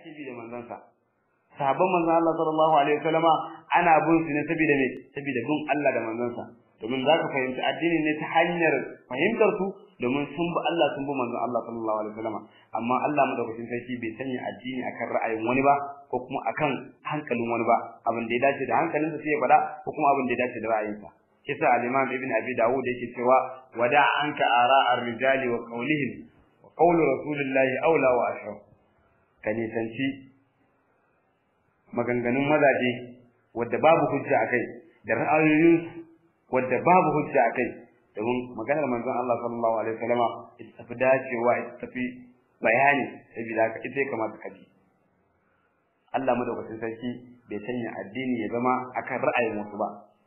ake bi da manzansa sahabban manzon Allah sallallahu alaihi wasallama ana bin su ne saboda me saboda bin Allah da manzansa domin zaka fahimci addini ne ta hanyar fahimtar su domin sun bi Allah sun bi manzon Allah sallallahu alaihi wasallama amma Allah madaukakin sarki bai sanya addini akan ra'ayin wani ba ko kuma akan hankalin wani ba abin da ya dace da hankalinsa sai ya faɗa ko kuma abin da ya dace da ra'ayinsa kisa al-Imam Ibn Abi Dawud yake cewa wada anka ara'ar rijali wa qawlihim wa qawlu rasulillahi aula wa ashraf ka nisanci maganganun mazaje wadda babu hujja a kai da ra'ayoyin wadda babu hujja a kai domin maganar manzon Allah sallallahu alaihi wasallama ita tafi dacewa ita tafi bayani saboda haka ita kamata ka bi Allah madaukakin sarki bai sanya addini ya zama akan ra'ayin wasu ba